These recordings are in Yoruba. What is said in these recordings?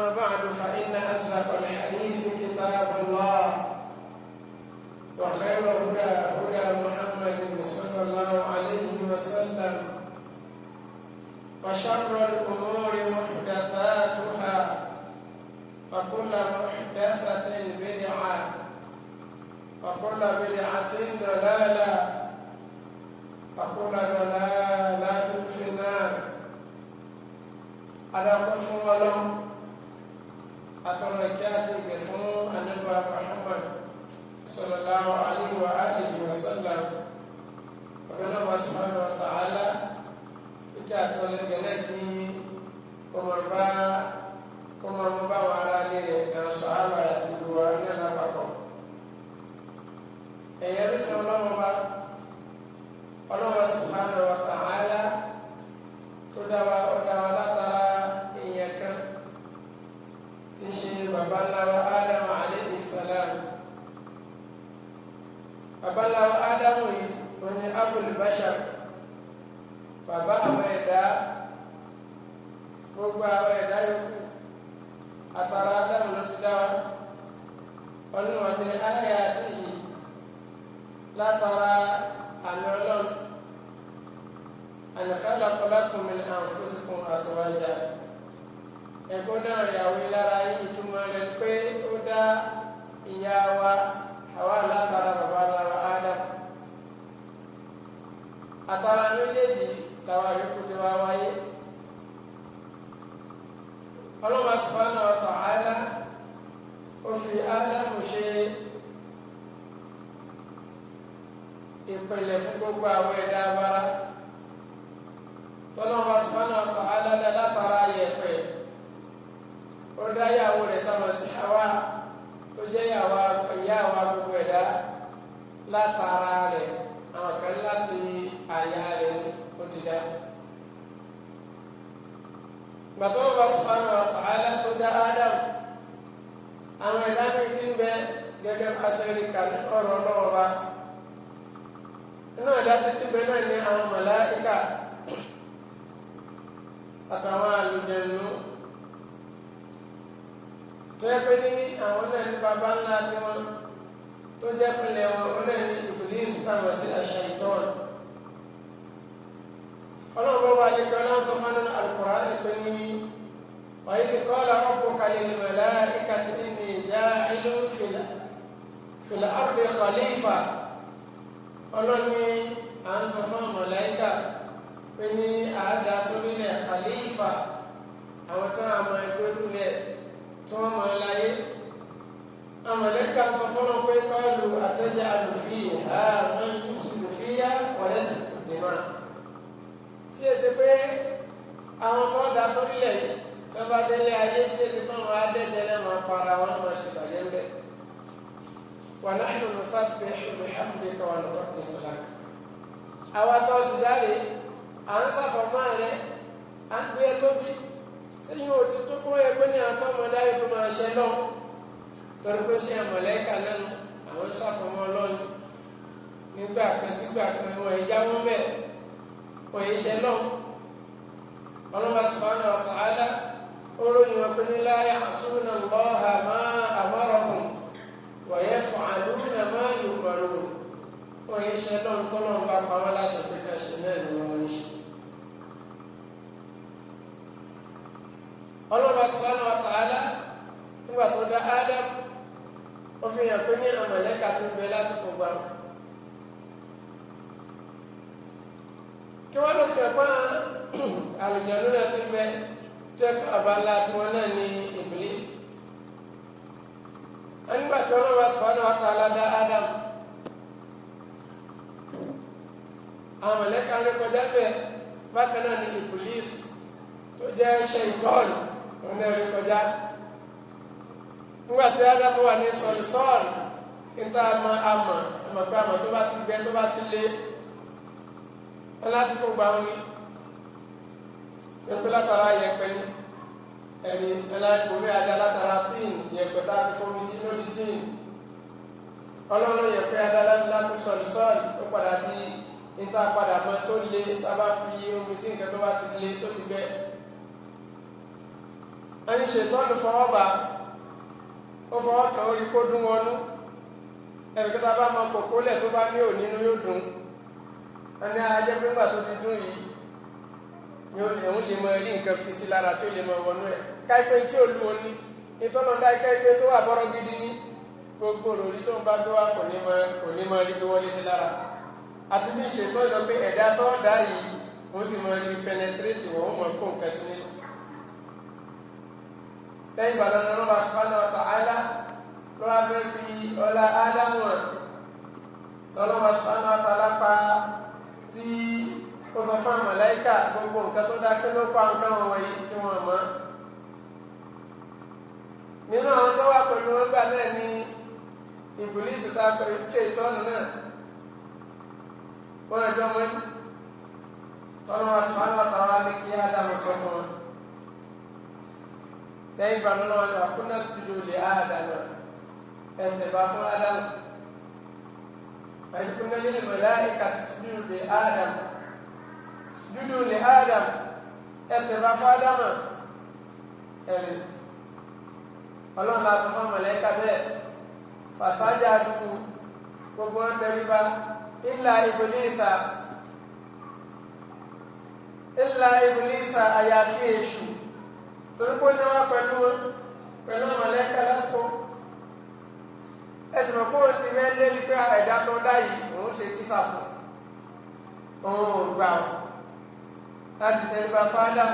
أما بعد فإن أصدق الحديث كتاب الله وخير هدى هدى محمد صلى الله عليه وسلم وشر الأمور محدثاتها وكل محدثة بدعة وكل بدعة ضلالة وكل ضلالة في النار أنا قلت atọ̀rọ̀ ìkẹ́ àti ìgbẹ̀sán tọ́lọ́run bá sùpánà ọ̀tọ̀ aládá látara yẹ̀pẹ̀ ó dá ìyàwó rẹ̀ tọ́lọ̀ sí àwa tó jẹ́ ìyá àwa gbogbo ẹ̀dá látara rẹ̀ àwọn kan láti àyà rẹ̀ ó ti dá. gbàtọ́lọ́run bá sùpánà ọ̀tọ̀ aládá tó dá ádámù àwọn ẹ̀dá mi ti ń bẹ gẹ́gẹ́ bá ṣe rí kàní ọ̀rọ̀ ọlọ́wọ́ bá nínú ẹ̀dá títí bẹ náà ní àwọn màláíkà àtàwọn àlùjẹ̀nu tó yẹ pé ní àwọn náà ní baba ńlá tiwọn tó jẹ́ pinlẹ̀ wọn wọn náà ní Iblis táwọn sí àṣàìtọ́n ọlọ́run bá yẹ kí ọlọ́run sọ fún àwọn Al-Qur'an pé ní wàyí ni qala rabbuka lil mala'ikati inni ja'ilun fil ardi khalifa ọlọ́run ní à ń sọ fún àwọn màláíkà pé ní àádá sórílẹ̀ àlééfà àwọn tó wà máa gbé lulẹ̀ tó wọ́n máa láyé amọ̀lẹ́ka sọ fọ́nà pé káàlù àtẹ́jà àlùfí àmọ́ ìlúfíyà wọ̀lẹ́sì nìmọ̀ tí èsì pé àwọn tó dá sórílẹ̀ tó bá délé ayé tí èsì pé àwọn adẹ́jẹlẹ̀ máa para wọn máa ṣèbàjẹ́ ńbẹ wà láhìlú nùsàbẹ̀ ṣùgbọ́n hàmdíkà wà lọ́wọ́ ìṣọ̀lá àwọn tó sì dáre à ń ṣàfọ̀mọ́ rẹ à ń gbé tóbi sẹ́yìn ò ti tó kó yẹ pé ní àtọ́mọdá yìí tó máa ṣẹ lọ torí pé sí àmọ̀lẹ́kà lẹ́nu àwọn ń ṣàfọ̀mọ́ lọ́nu nígbà kan sígbà kan wọ́n ẹ̀yá wọn bẹ́ẹ̀ wọ́n yẹ ṣẹ lọ́nu ọlọ́mọ sọ̀rọ̀ ọ̀tọ̀ alá olóyìn wọn pé ní láyé àsúnà lọ́ha máa àmọ́rọ̀kùn wọ̀nyẹ́ fún àdúgbò náà máa yòókù ọ̀rọ̀ wọ́n yẹ ṣẹ lọ́nu tọ́lọ́run bá pa láṣẹ pé ká náà ni ọlọ́ba subhanahu wa ta'ala nígbà tó dá Adam ó fi hàn pé ní àmàlẹ́kà tó ń bẹ lásìkò gbà kí wọ́n lọ fi hàn pé àlùjànnú náà ti ń bẹ tó ẹ̀kọ́ àbálá tiwọn náà ní Iblis nígbà tí ọlọ́ba subhanahu wa dá Adam àmàlẹ́kà ló kọjá bẹ́ẹ̀ bákan náà ní Iblis tó jẹ́ ṣe ìtọ́ọ̀lù ọ̀nà ẹ̀rí kọjá nígbà tí ádámù wà ní sọ̀rọ̀sọ̀rọ̀ níta àmọ́ àmọ́ àmọ́ pé àmọ́ tó bá ti gbẹ tó bá ti lé ọlásìkò gbà wọn ni pẹpẹ látara yẹpẹ ni ẹni ẹlẹ́kùnrin mi adá látara tíìn yẹpẹ tá a ti fomi sí lórí tíìn ọlọ́run yẹpẹ adá látara sọ̀rọ̀sọ̀rọ̀ ó padà di níta padà mọ́ tó le tá a bá fi omi sí nǹkan tó bá ti le tó ti gbẹ wọ́n ní ṣètọ́nù fọwọ́ bá ó fọwọ́ kan ó rí kó dún wọnú ẹnì kí tá a bá mọ kókó lẹ̀ tó bá ní ònínú yóò dùn wọ́n ní ajẹ́ pé ńgbà tó ti dún yìí òun lè mọ rí nǹkan fi sí lára tí ó lè mọ wọnú ẹ̀ káyipẹ́ tí ó lu òní ìtọ́nà dá káyipẹ́ tó wà bọ́rọ̀ gidi ní gbogbo òròrí tó ń bá gbé wá kò ní mọ kò ní mọ rí pé wọ́n lé sí lára àti bí ìṣètò ìlọ ẹ̀dá tó ń dá yìí wọ́n sì mọ rí penetrate wọ́n mọ kó nǹkan sí nínú lẹ́yìn ìgbà lọ́nà lọ́ba sùpánà ọ̀tà áyá lọ́wọ́ fẹ́ fi ọlá ádámù rẹ̀ tọ́lọ́ba sùpánà ọ̀tà lápá tí ó sọ fún àmàlẹ́kà gbogbo nǹkan tó dá kíló pa nǹkan wọ̀nyí tí wọ́n mọ̀ nínú àwọn tó wà pẹ̀lú wọn gbà náà ni ìbùlísì tá pẹ̀lú ṣe ìtọ́nù náà wọ́n ẹjọ́ mọ́ tọ́lọ́ba sùpánà ọ̀tà wa ní kí ádámù sọ fún wọn lẹ́yìn ìgbà náà wọn ni wà kúnlẹ̀ sùdúdú lè áàdà náà ẹ̀tẹ̀ bá fún ádámù ẹ̀sìn kúnlẹ̀ lè mọ̀lá ìka sùdúdú lè áàdàmù sùdúdú lè áàdàmù ẹ̀tẹ̀ bá fún ádámù ẹ̀rìn ọlọ́run bá fún mọ̀lẹ́ka bẹ́ẹ̀ fàṣájà àdúgbò gbogbo wọn tẹríba ilà ìbùlísà ilà ìbùlísà àyàfi èṣù torí pé ní wá pẹ̀lú wọn pẹ̀lú àwọn mọ̀lẹ́kà lásìkò ẹ̀sìn mọ̀ fóun ti fẹ́ lé ní pé ẹ̀dá tó dá yìí òun ṣe kí sàfún òun ò gbà ó láti tẹ̀lébà fáadà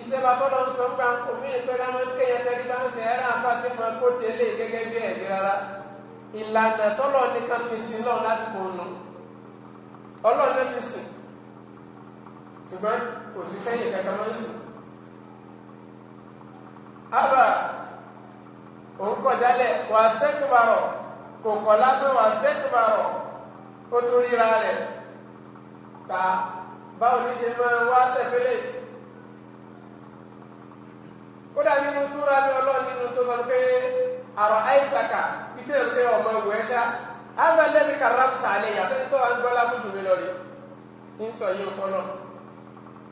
ìtẹ̀lébà tó lọ́n sọ gbà omi ìpẹ́ká máa ń kéèyàn tẹ́lí bá ń sẹ̀ ẹ́rà àfàtì máa kó tiẹ̀ lé gẹ́gẹ́ bí ẹ̀mí rárá ìlànà tọ́lọ̀ ní ká fi sin lọ́n lásìkò nù ọlọ́run ní fi sìn ṣùgbọ́n kò sí kẹ́yìn kẹ́kẹ́ máa ń sìn àbà òun kọ̀ jálẹ̀ wà sẹ́kùbàrọ̀ kò kọ̀ lásán wà sẹ́kùbàrọ̀ ó tún ríra rẹ̀ ta báwo ní ṣe máa wá tẹ̀fẹ́lẹ̀ kódà nínú súra ní ọlọ́run nínú tó sọ pé àrọ̀ àìsàkà ìdí èrò pé ọmọ ìwé ẹ̀ṣá àbá lẹ́bi kàrám tààlẹ̀ yàtọ̀ tó à ń gbọ́ lábùjù mi lọ rí ní sọ yìí ó fọlọ́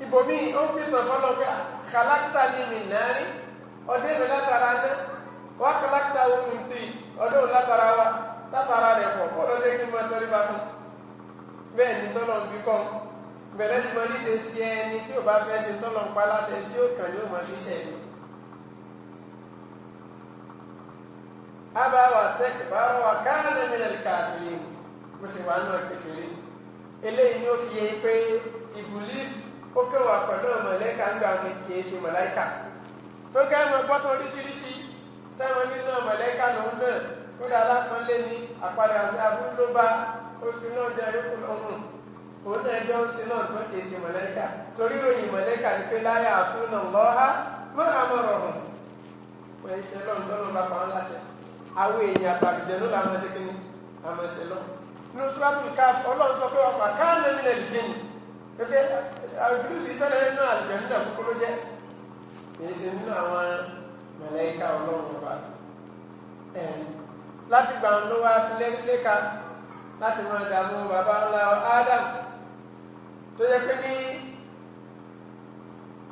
ibòmíì ó ń pé kàlákítà ní mi náà ọdún èlò látara ná wọ́n kọ́ lákìtà ohun tí ọdún òun látara wa látara rẹ̀ pọ̀ ọlọ́sẹ̀ kí n máa tọ́rí bá fún bẹ́ẹ̀ ni tọ́lọ̀ ń bí kọ́ bẹ̀rẹ̀ ti máa ní ṣe sí ẹni tí ò bá fẹ́ ṣe tọ́lọ̀ ń pa láṣẹ tí ó kàn yóò máa fi ṣẹ̀ ni. abawa sẹ́kì bá wà káàlẹ́ mi lẹ́nu káàfìrí mo sì wà nù ọ̀kẹ́fìrí eléyìí ló fi yẹ pé ìbùlí ó kẹwàá pẹ̀lú ọmọlẹ́ka ń gbà wọn kì í ṣe mọ̀láìkà tó kẹ́mọ̀ gbọ́tọ̀ oríṣiríṣi tẹ́mọ̀ nínú mọ̀lẹ́kà lòun náà ó dá alápọ̀nlé ní àpadà sí abúlé ló bá oṣù náà jẹ́ yókù lọ́rùn òun náà jọ ń sin náà tó kìí ṣe mọ̀lẹ́kà torí ròyìn mọ̀lẹ́kà ni pé láyà àsúná lọ́ha mọ́ àmọ̀rọ̀ hàn wọ́n ń ṣe lọ́run lọ́run bá pa wọn láṣẹ àwọn èèyàn àtàlùjẹ̀nu làwọn ṣe kí ni àwọn ṣe lọ́run nínú sùràtù káf ọlọ́run sọ pé ọkọ̀ àkáàlẹ́ mi ni pé àbúrúsì èyí ṣe nínú àwọn màláíkà ọlọ́run ọba ẹ̀rí láti gbà ń lówó afilẹ́lẹ́ka láti máa dààmú bàbá ńlá Adam tó yẹ pé ní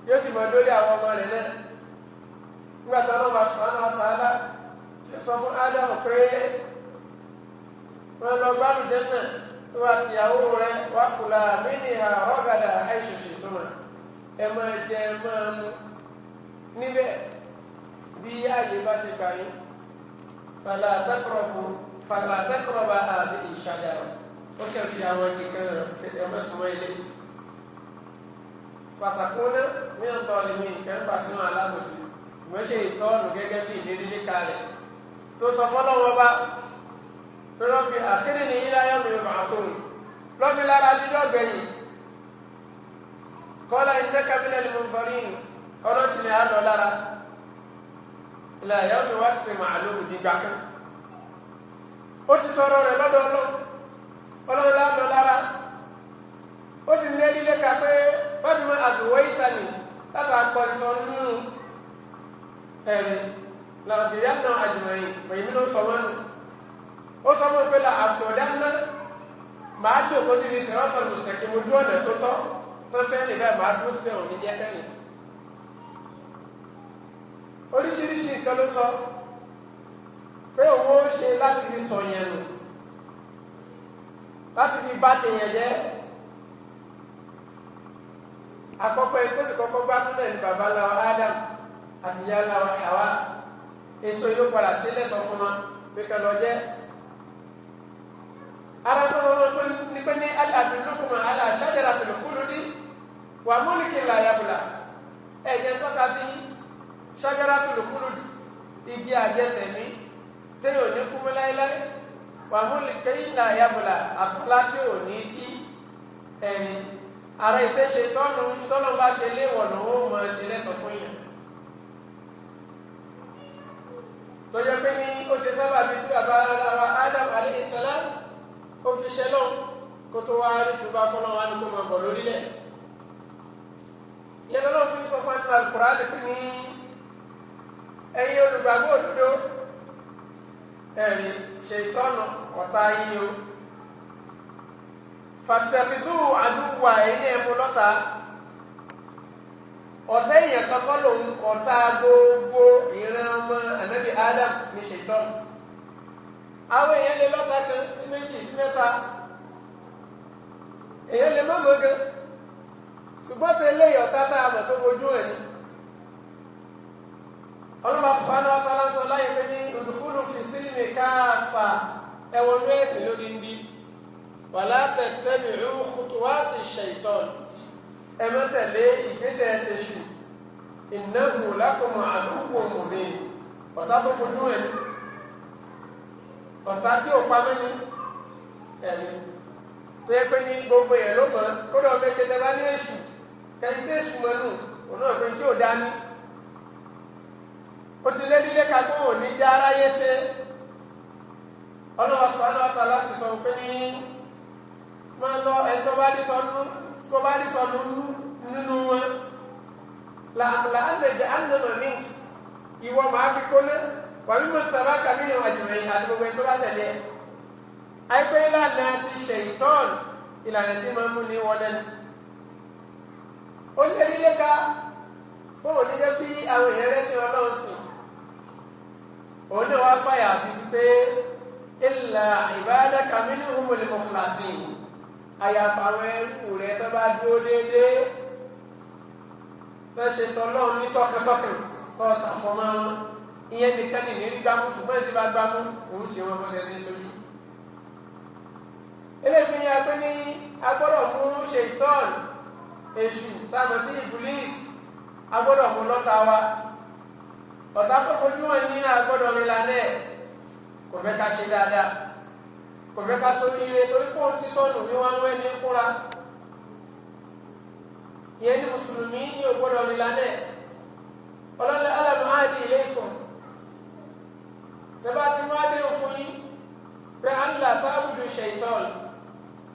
yóò sì mọ lórí àwọn ọmọ rẹ̀ náà nígbà tó tí ó sọ fún Adam pé wọn lọ gbádùn dẹ́nà tó wà tìyàwó rẹ wákùlà mí ni àrọ́gàdà àìṣèṣì tó mà ẹ máa jẹ ẹ máa mú. níbẹ̀ bí ààyè bá ṣe gbà yín fàlà àtàkùrọ̀bù fàlà àtàkùrọ̀bà àbí ìṣàdá ó kẹ́bi àwọn nìkan ẹ̀mọ́ súnmọ́ ilé pàtàkì wọn náà mìíràn tọ́ lè mí nǹkan bá sínú alábòsí ìwọ́n ṣe ìtọ́nù gẹ́gẹ́ bí ìdílé kalẹ̀ tó sọ fọlọ́wọ́ bá lọ́bí àkíní ní ilé ayọ́ mi máa sóhun lọ́bí lára lílọ́gbẹ̀yìn kọ́lá ìdẹ́kàbílẹ̀ lè mú bọ́rí ọlọ́sìn ni a lọ lára ilẹ̀ ayé ọdún wa ti mà lóru dìgbà kan ó ti tọrọ rẹ lọ́dọ̀ ọlọ́run ọlọ́run la lọ lára ó sì ní ẹni lẹ́ka pé fábímọ àdùwọ̀ ìtàlì látà pọ̀lìsọ nínú ẹ̀rì làbìyà náà àjùmọ̀yìn pẹ̀lú ló sọ mọ́nu ó sọ mọ́ pé la àtọ̀dá ná màá dùn kó sì ní sèrọ́tọ̀ lùsẹ̀kì mo dún ọ̀nà tó tọ́ tó fẹ́ níbẹ̀ màá dún sílẹ̀ òní jẹ́ fẹ́ nìyí oríṣiríṣi nǹkan ló sọ pé òun ó ṣe láti fi sọ yẹn nù láti fi bá tèèyàn jẹ́ àkọ́kọ́ ẹni tó ti kọ́kọ́ bá tún lẹ́nu bàbá ńlá wa Adam àti ìyá ńlá wa Hawa èso yóò padà sí lẹ́tọ̀ fún wa pé ká lọ jẹ́ ara tó wọn wọn ní pé ní aláàdúlùkùnmọ̀ aláàṣájára tòlùkùnrin wà múlùkì làyàbùlà ẹ̀jẹ̀ ń tọ́ka sí yín ṣájára tó lè kúrò igi àjẹsẹ̀mí tẹ́lẹ̀ òní kúmú láéláé wàhùn kẹ́yìn náà yàgòlà àtúnlá tí ò ní jí ẹni ara ìfẹsẹ tọnu tọnu bá ṣe léwọ lọ́wọ́ mọ ṣe lẹsọ fún yàn tọjọ pé ní ó ṣe sábà bíi tí bàbá ara Adam alayhi salam ó fi ṣe lọ kó tó wá rí tuba kọlọ wá ní kó máa bọ lórílẹ̀ yẹn lọ́nà fún sọ fún àti àlùkùrá lè pín ní. ẹ̀yin olùgbàgbọ́ òdodo ẹ̀rí ṣètọ́nù ọ̀tá yín fàtẹ̀fìdú àdúgbò ẹ̀yìn ẹ̀mú lọ́ta ọ̀tá èèyàn kankan lòun ọ̀tá gbogbo ìran ọmọ ànábì Adam ní ṣètọ́nù àwọn èèyàn lè lọ́ta kan sí méjì sí mẹ́ta èèyàn lè mọ́ gan ṣùgbọ́n tẹ́lẹ̀ ọ̀tá tá a mọ̀ tó ọlọ́ba subhanahu wa ta'ala ń sọ láyé pé ní olùkúlù fi sílìmì káàfà ẹ̀wọ̀n ní ẹ̀sìn lórí ndí wàlá tattabi'u khutuwati shaytan ẹ má tẹ̀lé ìgbésẹ̀ tẹ̀sù innahu lakum aduwwun mubin ọ̀tá tó fojú ẹ̀ ọ̀tá tí ò pa mẹ́ni ẹ̀mí tó yẹ pé ní gbogbo yẹn ló mọ̀ kó lọ́ọ́ méje tẹ́ bá ní èṣù kẹ́sí ó ti lé nílé ka kó ní já aráyé ṣe ọlọ́wọ́ sọ ọ́nà ọ̀tá láti sọ pé ní máa lọ ẹni tó bá rí sọnù tó bá rí sọnù nínú wọn làǹlà àlejò àlejò mi ìwọ màá fi kóná wàmí mo tẹ̀lé àkàmì ìwà jùmọ̀ yìí àti gbogbo ẹni tó bá tẹ̀lé ẹ̀ àìpé ìlànà ti ṣe ìtọ́ọ̀nù ìlànà tí máa ń mú ní wọlé ni ó lé nílé ká bóun ní jẹ́ kí àwọn èèyàn rẹ́sìn ọlọ́run sìn òun náà wá fàyà sí sí pé illa ibadaka minhumul mukhlasin àyàfà àwọn ẹrú rẹ tó bá dúró déédéé fẹsẹ̀ tọ́lọ́run ní tọkàntọkàn tó ṣàfọmọ́ wọn ìyẹn nìkan ní ní gbámú ṣùgbọ́n ìdí bá gbámú òun sì wọn bọ́sẹ̀ sí sójú. eléyìí ni pé ní agbọ́dọ̀ mú ṣètọ́n èṣù táwọn sí ìbùlíìsì agbọ́dọ̀ mú lọ́ta wa ọ̀tá tó fojú hàn ní àgbọ̀dọ̀ rẹ̀ lálẹ́ kò fẹ́ ká ṣe dáadáa kò fẹ́ ká sórí ire torí kóun ti sọnù ní wọn wẹ́ ní kúra ìyẹn ní mùsùlùmí ní ògbọ́dọ̀ rẹ̀ lálẹ́ ọlọ́lẹ́ alámù áàdì ilé ìkọ̀ sẹ́bà tí wọ́n á dé òfin yín pé à ń là tábùdù ṣèitọ́ọ̀lù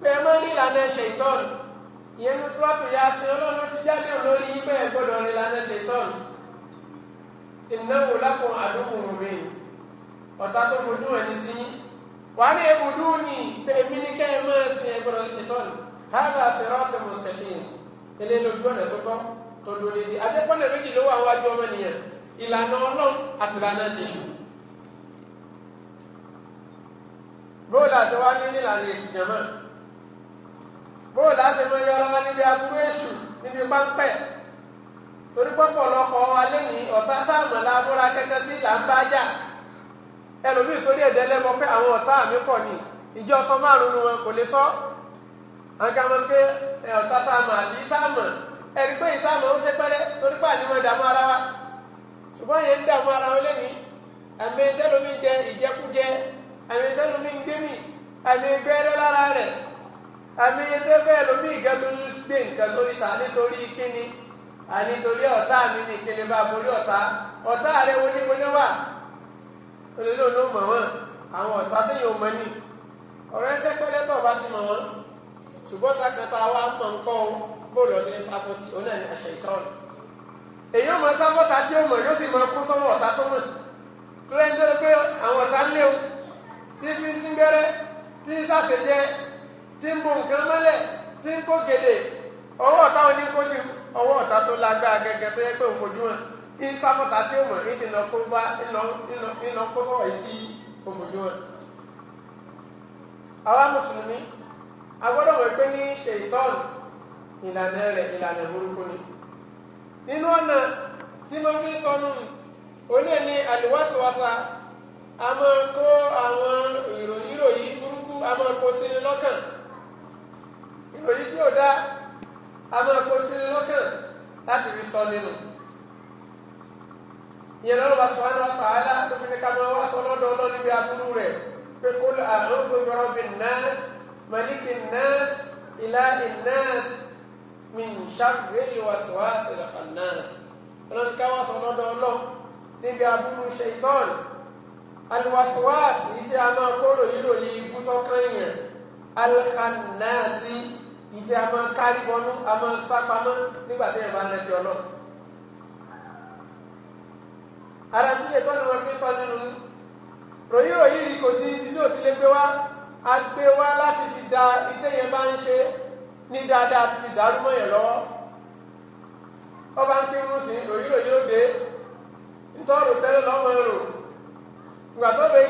pé ẹ má ní ìlànà ṣèitọ́ọ̀lù ìyẹn ní fúlọ́pù yá sí ọlọ́run ti jáde lórí yín bẹ́ẹ̀ gbọ́dọ̀ rẹ̀ lálẹ́ ṣèitọ́ọ̀lù ìnáwó lákùn àdúgbò mi ọ̀tá tó fojú ẹ̀ ní sí wà á ní ebùdó ní èmi ní kẹ́ ẹ máa sin ẹgbẹ̀rún ṣetán hàbà sirata mustaqim eléyìí lójú ọ̀nà tó tọ́ tó dúró lédi adépọ́nà méjì ló wà wájú ọmọ nìyẹn ìlànà ọlọ́run àti ìlànà ṣíṣù bóòlù àti wá ní nílànà èsì jẹ̀mọ́ bóòlù àti mọ́ yọ ọlọ́wọ́ níbi aburú èṣù níbi páńpẹ́ torí pọ́pọ̀lọpọ̀ alẹ́ ní ọ̀tá táàmù làbúra kẹ́kẹ́ sí là ń bá jà ẹlòmíì torí ẹ̀dẹ́ lẹ́mọ pé àwọn ọ̀tá mi pọ̀ ní ìjọ sọ márùn-ún wọn kò lè sọ àǹkà máa pé ọ̀tá táàmù àti táàmù ẹ̀rí pé ìtààmù ó ṣe pẹ́rẹ́ torí ara wa ṣùgbọ́n yẹn ń dààmú ara wọn lẹ́ni àmì jẹ ìjẹkújẹ àmì àní torí ọ̀tá mi ní ìkele bá borí ọ̀tá ọ̀tá rẹ wo ní gbóná wà olóòlò ló mọ̀ wọ́n àwọn ọ̀tá tó yóò mọ̀ ní ọ̀rọ̀ ẹsẹ̀ pẹ́lẹ́ bá ti mọ̀ wọ́n ṣùgbọ́n takata wa mọ̀ nǹkan o bóòlù ọ̀sẹ̀ sáfọ́ sí ọ̀nà ní àṣẹ ìtọ́nù èyí ó mọ sáfọ́ta tí ó mọ̀ yóò sì mọ kó sọ́wọ́ ọ̀tá tó mọ̀ tó lẹ́yìn tó lọ pé àwọn ọ̀tá ń lé o tí fi ń sín tí ń tí ń bo nǹkan mọ́lẹ̀ tí ń kó gèdè ọwọ́ ọ̀tá wọn ní kó ṣe ọwọ́ ọ̀tá tó lágbára gẹ́gẹ́ tó yẹ pé òfojú hàn ní sáfọ́tà tí ó mọ̀ ní ṣe lọ kó bá ńlọ kó sọ̀rọ̀ yìí tí òfojú hàn. àwa mùsùlùmí a gbọ́dọ̀ wọ̀ pé ní ṣèitọ́n ìlànà rẹ̀ ìlànà burúkú ni. nínú ọ̀nà tí mo fi sọnù oní ní àlùwàsíwàsá a máa kó àwọn ìròyìn ìròyìn burúkú a máa kó sí lọ́kàn ìròyìn tí ò dáa a máa kó sí lọ́kàn láti fi sọ nínú ìyẹn lọ́rọ̀ bá sọ àná tààlà tó fi ní ká máa wá sọ lọ́dọ̀ ọlọ́ni bí aburú rẹ̀ pé kó lè àrùn fún yọrọ bí nọ́ọ̀sì mọ̀lìkì nọ́ọ̀sì ìlànì nọ́ọ̀sì min ṣàgbé ìwàsíwàsí lẹ́fànàṣì ọlọ́ni ká wá sọ lọ́dọ̀ ọlọ́ níbi aburú ṣèitọ́n aliwàsíwàsí tí a máa kó ròyìn ròyìn ibùsọ̀kan yẹn ìjẹ́ a máa kárí bọnú a máa sá pamọ́ nígbà tí ẹ̀ bá nà ọlọ́ ara tí ètò ọ̀nà fi sọ nínú ròyìn ròyìn yìí kò sí ibi tí òfin lè gbé wá a gbé fi da ìtẹ́ yẹn bá ń ṣe ní dáadáa fi yẹn lọ́wọ́ ọba ń kírun sí ròyìn ròyìn òde ntọ́rọ̀ tẹ́lẹ̀ lọ́mọ ẹ̀rọ ìgbà tó bẹ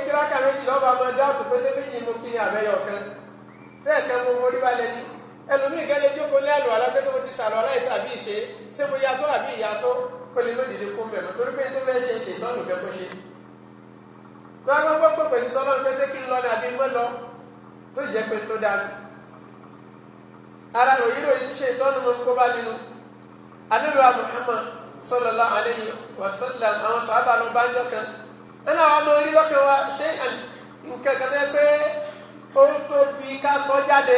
méjì lọ́ba ọmọdé méjì mú kí ni ẹlòmíì gẹ́lẹ́ jókòó lé àlọ́ alágbèsè mo ti sàlọ́ aláìsí àbí ìṣe ṣé mo yasọ́ àbí ìyasọ́ ó lè lónìí lè kó mẹ́rin torí pé tó fẹ́ ṣe ṣe tán ló fẹ́ kó ṣe. lọ́wọ́ gbọ́ pé pèsè tọ́lọ́ pé ṣé kí n lọ ní àbí mọ́ lọ tó jẹ́ pé tó dáa. ara ròyìn ròyìn ṣe ìtọ́nu mọ́ kó bá nínú. anílùú Muhammad sallallahu alayhi wa sallam àwọn sọ̀hábà ló bá ń jọ kan. nínú àwọn ọmọ orí lọ́kẹ́ wa ṣé nǹkan kan náà pé ó tóbi ká sọ jáde.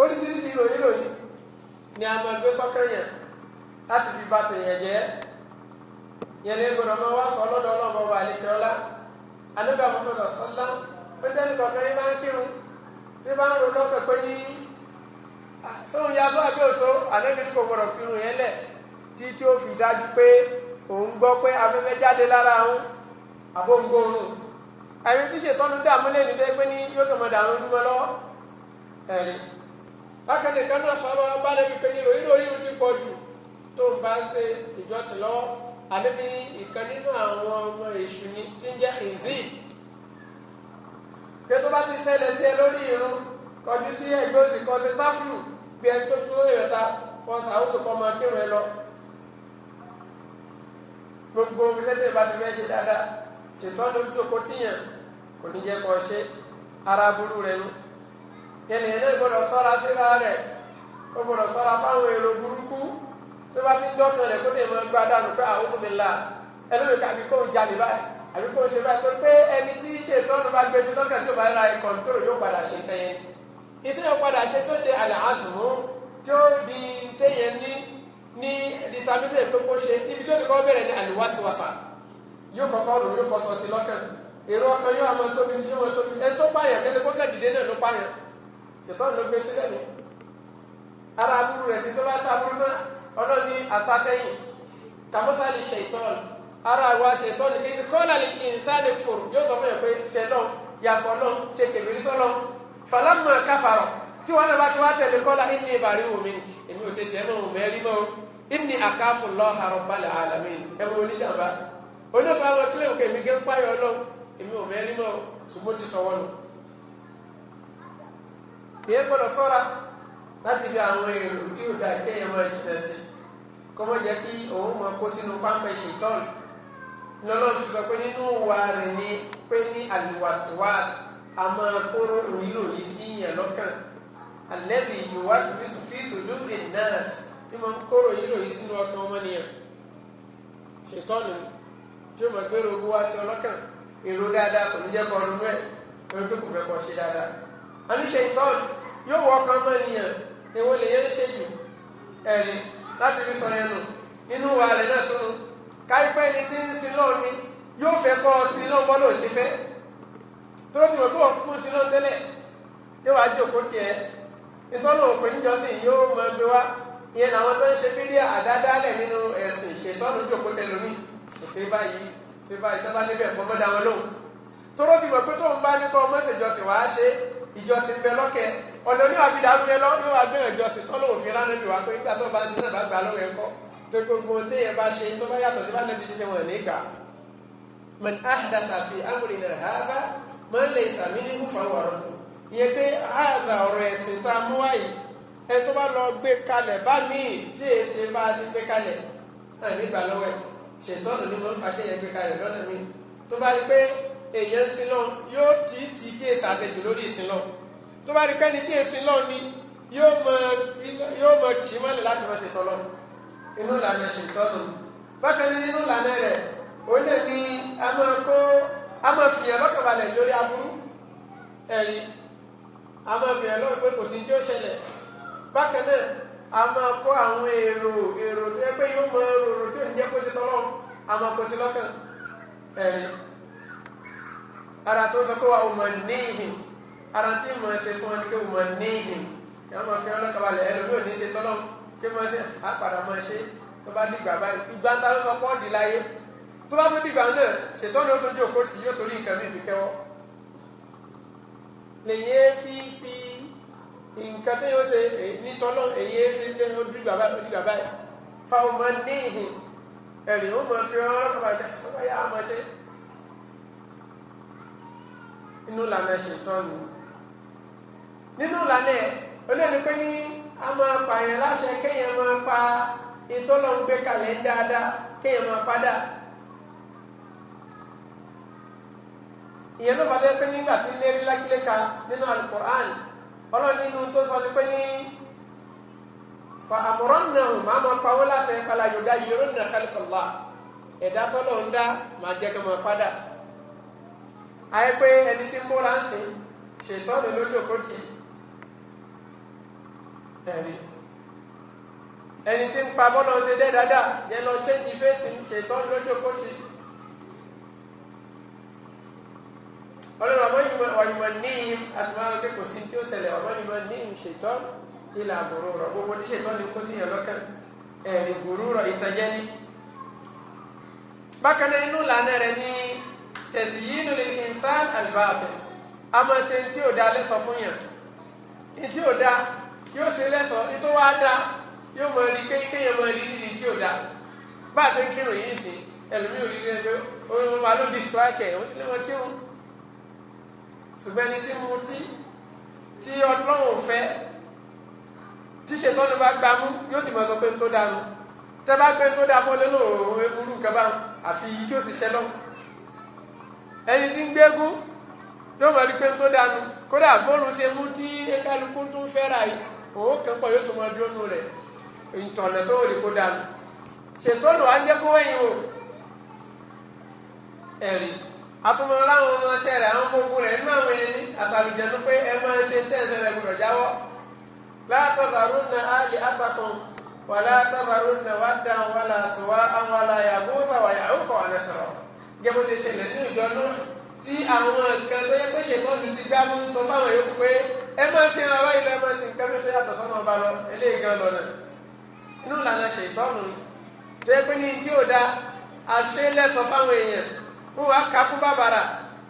oríṣiríṣi ìròyìn ròyìn ni a máa gbé sọ́kàn yẹn láti fi ba tèèyàn jẹ́ yẹn lè gbọdọ̀ máa wá sọ lọ́dọ̀ ọlọ́run ọba àlejò ọlá àlejò àmọ́tòdà sọ́lá pété ní kọ̀ọ̀kan yín máa ń kírun tí ń ro pé ní sóhun ya bá bí òṣó àlejò ní kò gbọdọ̀ fi rùn yẹn lẹ̀ tí tí ó fi dájú pé òun gbọ́ pé afẹ́fẹ́ jáde lára òun àbóngóorùn tí ṣètọ́nu dààmú tẹ́ pé bákan nìkan náà sọ ọmọ bá lẹbi pé nílò yìí lórí ti pọ̀ jù tó ń bá ń ṣe ìjọsìn lọ́wọ́ àlébi ìkan nínú àwọn ọmọ èṣù ni tí ń jẹ́ kìnzí pé tó bá ti ṣẹlẹ̀ sí ẹ lórí irun kọjú sí ẹgbẹ́ òsì kan ṣe táfùlù bí ẹni tó tún lórí rẹ̀ ta wọn ṣàwùjọ kọ́ máa kírun ẹ lọ gbogbo ìṣẹ́lẹ̀ bá ti fẹ́ ṣe dáadáa ṣètọ́jú jókòó tíyàn kò ní jẹ́ kọ́ ṣe ara burú rẹ̀ nù yẹnìyẹn náà gbọ́dọ̀ ṣọ́ra síra rẹ̀ ó gbọ́dọ̀ ṣọ́ra fáwọn èrò burúkú tó bá fi ń dọ́kan rẹ̀ kó lè mọ gba dànù pé àwọn òfin mi là ẹlẹ́wẹ̀ kàbí kó ń jalè báyìí àbí kó ń ṣe báyìí torí pé ẹni tí ṣe ìtọ́nu bá gbé sí lọ́kàn tó bá ra ẹ̀kọ́ tó yóò padà ṣe tẹ́yẹ ìtú yóò padà ṣe tó de àlẹ́ àsùnmù tó di tẹ́yẹ ní ní determination tó kó ṣe níbi tó ti kọ́ bẹ̀rẹ̀ ní àlùwàsíwàsà yóò kọ́kọ́ lò yóò kọ́ sọ sí lọ́kàn èrò ṣètọ́nù ló gbé sílẹ̀ ní ara aburú rẹ̀ sí tó bá ṣàbúrú náà ọlọ́run ní àsásẹ́yìn kàmọ́sálì ṣètọ́nù ara àwa ṣètọ́nù kì í ti kọ́lá lè kí ìsáàlì fòrò yóò sọ fún yẹn pé ṣe náà yàtọ̀ náà ṣe kèmí sọ́nà fàlámù káfàrọ̀ tí wọn náà bá ti wá tẹ̀lé kọ́lá ìní ìbàrí omi èmi ò ṣe tiẹ̀ mọ́ òun mẹ́rin mọ́ ìní àkáfù lọ́hàrọ̀ balẹ̀ àlàmì ẹ̀rọ oníjàmbá onígbà wọn kílẹ̀ òkè mi gé ń páyọ̀ lọ èyí gbọ́dọ̀ sọ́ra láti fi àwọn èrò tí ò dáa kí ẹ̀rọ ìjìnlẹ̀ sí kọ́mọ jẹ́ kí òun mọ kó sínú pápẹ́ ṣètọ́n lọ́lọ́run fi sọ pé nínú wa rẹ̀ ni pé ní àlùwàsíwàsí a máa kóró òyìnròyìn sí yẹn lọ́kàn àlẹ́bí ìwàsíwìsù fi sòdúrì náà ni mo ń kóró òyìnròyìn sínú ọkàn ọmọnìyàn ṣètọ́n tí ó mọ̀ gbèrò owó wá sí ọlọ́kàn èrò dáadáa kò ní jẹ́ kọ́ ọdún mẹ́ẹ̀ pé kò fẹ́ kọ́ ṣe dáadáa. àníṣe ìtọ́ni yóò wọ ọkàn mọ́ ènìyàn èwo lè yẹn ṣe jù ẹ̀rí láti fi sọ̀rọ̀ ẹnu nínú wa náà tó káyipẹ́ ẹni tí ń ni yóò fẹ́ kọ́ ọ sí lọ́ọ̀ fẹ́ tó ti mọ̀ pé sí lọ́ọ̀ tẹ́lẹ̀ yóò wá jókòó tiẹ̀ ìtọ́nù òpin níjọsìn yóò mọ ẹgbẹ́ wa ìyẹn làwọn tó ń ṣe bíríà àdádálẹ̀ nínú ẹ̀sìn ìṣètọ́nù jókòó tẹ lómi òṣèré báyìí ìjọsìn bẹ lọ́kẹ́ ọ̀nà ní wàá fi dàrú yẹn lọ ní wàá gbé ìjọsìn tọ́lọ̀ òfin rán níbi wàá pé nígbà tó bá ń sin náà bá gbà lọ́wọ́ ẹ̀kọ́ tó gbogbo téèyàn bá ṣe tó bá yàtọ̀ tó bá nàbí ṣiṣẹ́ wọn ní gbà. man ahdatha fi amrina hadha man laysa minhu fahuwa radd ìyẹn pé hadha ọ̀rọ̀ ẹ̀sìn tá a mú wáyé ẹni tó bá lọ gbé kalẹ̀ bá míì tí èyí èèyàn ń sin lọ yóò tì í tì í kí èsì àtẹjù lórí ìsin lọ tó bá rí pẹ́ni tí èsì lọ ni yóò mọ yóò mọ kì í mọ́lẹ̀ láti mọ ṣètò lọ inú ìlànà ṣètò nù bákan ní inú ìlànà rẹ̀ òun náà ni a máa kó a máa fìyàn lọ́kànbalẹ̀ lórí aburú ẹ̀rí a máa fìyàn lọ́wọ́ pé kò sí tí ó ṣẹlẹ̀ bákan náà a máa kó àwọn èrò èrò tó yẹ pé yóò mọ èrò tó ń jẹ́ kó ṣe tọ́lọ́ a máa kó sí lọ́kàn ẹ̀rí ara tó sọ pé wa ò mọ̀ níhìn ara tí mo ṣe fún ọ ni pé ò mọ̀ níhìn kí wọ́n máa fi ọlọ́kà balẹ̀ ẹlòmíì ò ní ṣe tọ́lọ́ kí wọ́n ṣe àpàdà máa ṣe tó bá dìgbà báyìí ìgbà ta ló sọ pọ́ di láyé tó bá tún dìgbà náà ṣètọ́nà tó jẹ́ òkó tì yóò torí nǹkan mi fi kẹ́wọ́ lèyẹ fi fi nǹkan tó yóò ṣe nítọ́lọ́ èyẹ fi pé ó dìgbà báyìí dìgbà báyìí fa ò mọ̀ níhìn ẹ̀rì ó mọ̀ fi ọlọ́kà balẹ̀ inú lànà ṣètọ́nù nínú lànà ẹ̀ olóòní pé ní a máa pààyàn láṣẹ kéèyàn máa pa ìtọ́lọ́hún gbé kalẹ̀ dáadáa kéèyàn máa padà ìyẹn ló balẹ̀ pé nígbà tí lérí lákìlẹ́ka nínú alukur'an ọlọ́ọ̀ni inú tó sọ ni pé ní fa àmúrọ́nàhùn máa máa pa wọ́n láṣẹ kala yòóga yìí rònà kálíkọ̀lá ẹ̀dá tọ́lọ́hún dá máa jẹ́ kí wọ́n padà ayé pé ẹni tí ń bóra ń sìn ṣètọ́nù lójókòó tì ẹ̀rí ẹni tí ń pa bọ́lá ọ̀sẹ̀ dẹ́ dáadáa yẹn lọ chẹ́ǹjì fèsì ń ṣètọ́nù lójókòó tì ọlọ́run ọmọyìnbọn ní asọ́mọ́ pé kò sí tí ó ṣẹlẹ̀ ọmọyìnbọn ní ṣètọ́nù ìlà àbúrò rọ̀ gbogbo ní ṣètọ́nù kó sí yẹn lọ́kàn ẹ̀rí gbòòrò ìtàjẹ́ ní bákan náà inú ìlànà rẹ̀ tẹ̀síyínú lè ní nsán àlùbáàbẹ̀ a máa ṣe tí ò da lẹ́sọ̀ fún yàn tí ò da yóò ṣe lẹ́sọ̀ ní tó wá da yóò máa rí kéèyàn máa rí níbi tí ò da bá a ṣe ń kírun yìí sìn ẹlòmíì òrí rẹ pé òun máa ló distract ẹ̀ ó sì lè máa kírun ṣùgbọ́n ẹni tí mu tí tí ọlọ́run fẹ́ tí ṣètọ́nu bá gbá mú yóò sì máa sọ pé tó dáa nù tẹ́ bá gbé tó dáa fọ́lé lóòrùn ewúrú kẹ́ bá àfi yìí tí ó sì ṣẹlọ́run ẹni tí ń gbégún yóò mọ̀ ní pé tó dànù kódà bóòlù ṣe mú tí kálukú tún fẹ́ra yìí òun kan pọ̀ yóò tún mọ dúnú rẹ̀ ìtọ̀nà tó rí kó dànù ṣètò lò á ń jẹ́ kó wẹ̀yìn o ẹ̀rí atúmọ̀ láwọn ọmọ ṣẹ́ rẹ̀ àwọn gbogbo rẹ̀ nínú àwọn ẹni àtàlùjẹ̀nu pé ẹ máa ṣe tẹ̀sẹ̀ rẹ̀ gbọdọ̀ jáwọ́ látọ̀bàrún na àlè àtàkùn wàlá tọ̀bàrún na wàdàn wàlà àwọn àlàyà bó ó kọ̀ àlẹ́ sọ̀rọ̀ gẹ́gẹ́ lè ṣẹlẹ̀ ní ìjọ náà tí àwọn nǹkan tó yẹ pé ṣètọ́jú ti gbá mú sọ fáwọn yòókù pé ẹ máa ṣe ara wáyé lọ ẹ máa ṣe nǹkan tó tó yàtọ̀ sọ́nà ọba lọ eléyìí gan lọ́nà inú ìlànà ṣètọ́nù tó yẹ pé ní tí ò da àṣẹ lẹ́sọ fáwọn èèyàn kó wàá kakú bàbàrà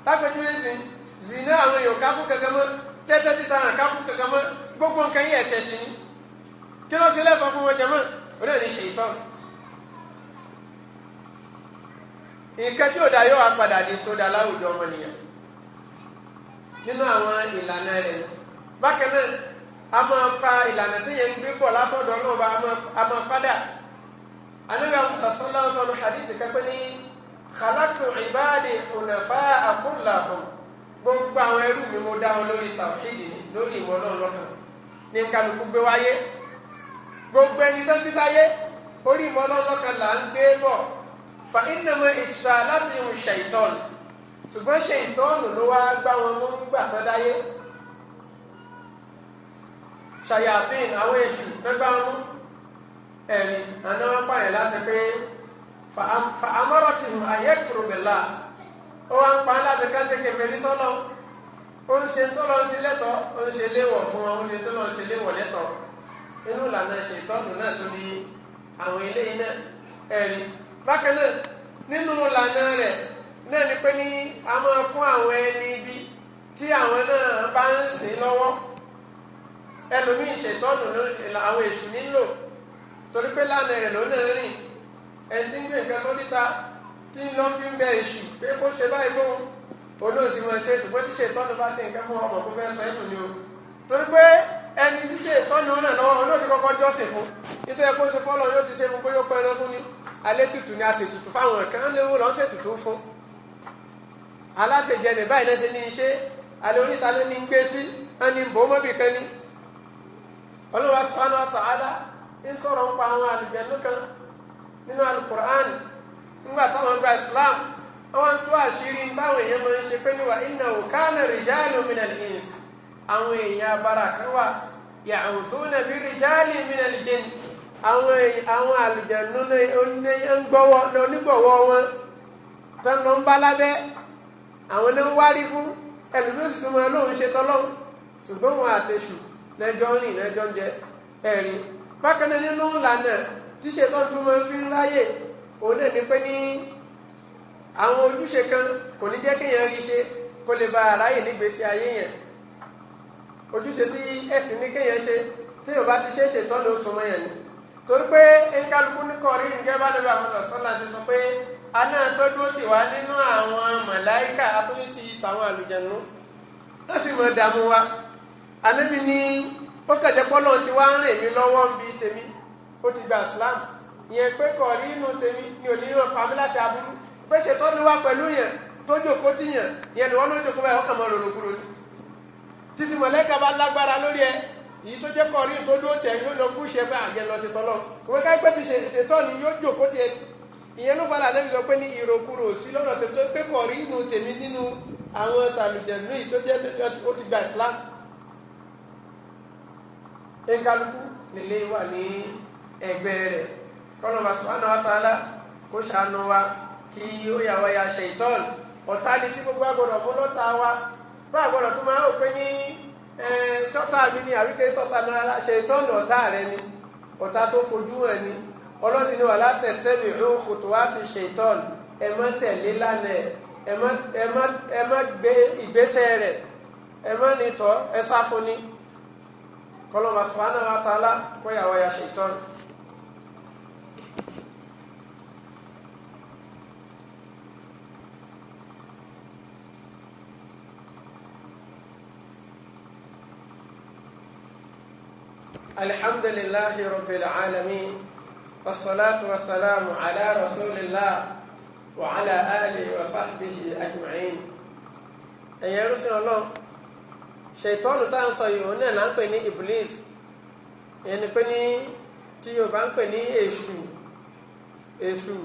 tápẹ́jú ẹ̀sìn zìnà àwọn èèyàn kakú kankan mọ́ tẹ́tẹ́ títa hàn kakú kankan mọ́ gbogbo nǹkan yẹn ẹ̀ṣẹ̀ sí ni kí ló ṣe lẹ́sọ fún nǹkan tí ò da yóò wá padà di tó da láwùjọ ọmọnìyàn nínú àwọn ìlànà rẹ̀ bákan náà a máa pa ìlànà tí yẹn ń gbé bọ̀ látọ̀dọ̀ náà bá a máa padà anabi amusa sallallahu alaihi wa sallam hadith kẹpẹ ní khalaqtu ibadi hunafa'a kullahum gbogbo àwọn ẹrú mi mo dá wọn lórí tàwíìdì lórí ìwọ náà lọ́kàn ní kálukú gbé wáyé gbogbo ẹni tó ń bí sáyé orí ìwọ náà lọ́kàn là ń gbé bọ̀ fa ìnáwó ìtura láti irun ṣèyítọ́nù ṣùgbọ́n ṣèyítọ́nù ló wá gbá wọn mú nígbà tó dáyé ṣàyàfín àwọn èṣù tó gbá wọn mú ẹ̀mí àná wọn pààyàn láti pé fa amọ́rọ̀ tì hùn ayé kúrò bẹ̀là ó wá ń pa á láti ká ṣe kẹfẹ́ ní sọ́nà ó ń ṣe tó lọ sí lẹ́tọ̀ọ́ ó ń ṣe léwọ̀ fún wọn ó ń ṣe tó lọ sí léwọ̀ lẹ́tọ̀ọ́ inú ìlànà ṣèyítọ́nù náà tó ní àwọn ilé iná ẹ̀rí bákan náà nínú ìlànà rẹ̀ náà ni pé ní a máa fún àwọn ẹni ibi tí àwọn náà bá ń sìn lọ́wọ́ ẹlòmíì ṣètọ́nù àwọn èṣù nílò torí pé lánàá rẹ̀ ló náà rìn ẹni tí ń gbé nǹkan sódíta tí ló fi ń bẹ èṣù pé kó ṣe báyìí fún olóòsì wọn ṣe ṣùgbọ́n tí ṣètọ́nù bá ṣe nǹkan fún ọmọ kó fẹ́ sọ ẹ̀dùn ni o torí pé ẹni tí ṣètọ́nù náà lọ́wọ́ olóòtú kọ́kọ́ jọ́sìn fún nítorí kó ṣe fọ́lọ́ yóò ti ṣe fún pé yóò pẹ́ lọ fún ni alẹ́ tutù ni a ṣe tutù fáwọn kan léwu lọ́n ṣe tutù fún aláṣejẹ ní báyìí náà ṣe ní í ṣe alẹ́ oníta ló ní í gbé sí ẹni bò mọ́bì kan ní Ọlọ́run subhanahu wa ń sọ̀rọ̀ ń pa àwọn àlùjẹ̀nu kan nínú alukur'an nígbà táwọn gba islam àwọn tó àṣírí báwọn èèyàn máa ń ṣe pé níwà iná òkánà rìjáàlì minal ins àwọn èèyàn abara kan wà ya'udhuna bi rìjáàlì minal jinn àwọn àwọn àlùjẹ̀nu ní ń gbọ́wọ́ ní onígbọ̀wọ́ wọn tó ń lọ ń bá lábẹ́ àwọn ní ń wárí fún ẹlòmíràn sì tún máa lóun ṣe tọ́lọ́hún ṣùgbọ́n wọn àtẹ̀sù lẹ́jọ́ ń rìn lẹ́jọ́ ń jẹ ẹ̀rín bákan náà nínú ìlànà tíṣe tó ń tún máa fi ń ráyè òun náà ní pé ní àwọn ojúṣe kan kò ní jẹ́ kéèyàn rí ṣe kó lè ba àráyè nígbèésí ayé yẹn ojúṣe tí ẹ̀sìn ní kéèyàn ṣe téèyàn bá ti ṣe é ṣètọ́ ló sọmọ yẹn ni torí pé ẹnìkálukú ní kọrí nǹkan bá lè àwọn ọ̀sánlá ti sọ pé aná tó dúró tì wá nínú àwọn màláìkà àtúntì tàwọn àlùjànnú ó sì mọ dààmú wa ànábi ní ó kẹjẹ pọlọ ti wá ń rìn mí lọ́wọ́ ń bi tèmi ó ti gba islam ìyẹn pé kọrí inú tèmi ni ò ní pàmí láti aburú pé ní wá pẹ̀lú yẹn tó jòkó ìyẹn ni wọ́n ló jòkó báyìí kàn mọ́ lòlòkulò títí bá lágbára èyí tó jẹ́ kọ́ rí tó dúró tiẹ̀ yóò lọ bú ṣe pé àjẹ lọ sí tọ́lọ́ ìwé ká pẹ́ ti ṣètọ́ ni yóò jókòó tiẹ̀ ìyẹn ló fara lẹ́bi lọ pé ní ìrokúrò sí lọ́dọ̀ tèmi tó pé kọ́ rí inú tèmi nínú àwọn tàlùjẹ̀nú yìí tó jẹ́ ó ti gba Islam ẹ̀ńkálukú nílé wà ní ẹgbẹ́ rẹ̀ kọ́nà subhanahu wa ta'ala kó ṣàánú wa kí ó yà wá ya ṣe ìtọ́ọ̀lù ọ̀tá ni tí gbogbo agbọ̀dọ̀ mú lọ́ta wa bá agbọ̀dọ̀ tó máa ń pè ní Eh, sọ́tà mi ni àbíkẹ́ sọ́tà mi rárá ṣe ìtọ́nù ọ̀tá rẹ ni ọ̀tá tó fojú rẹ ni ọlọ́sìn ni wàhálà tẹ̀tẹ̀ mi ò kòtò wá ti ṣe ìtọ́nù ẹ má tẹ̀lé lánàá ẹ má ẹ má ẹ má gbé ìgbésẹ̀ rẹ̀ ẹ má ní tọ́ ẹ sáfún ni kọlọ́mà sùpánà wa ta lá kó ya ṣe ìtọ́nù. الحمد لله رب العالمين والصلاة والسلام على رسول الله وعلى آله وصحبه أجمعين ẹ̀yẹ rúṣin ọlọ́run ṣètọ́nù tá à ń sọ yìí òun náà là ń pè ní iblis ẹni pé ní tí yorùbá ń pè ní èṣù èṣù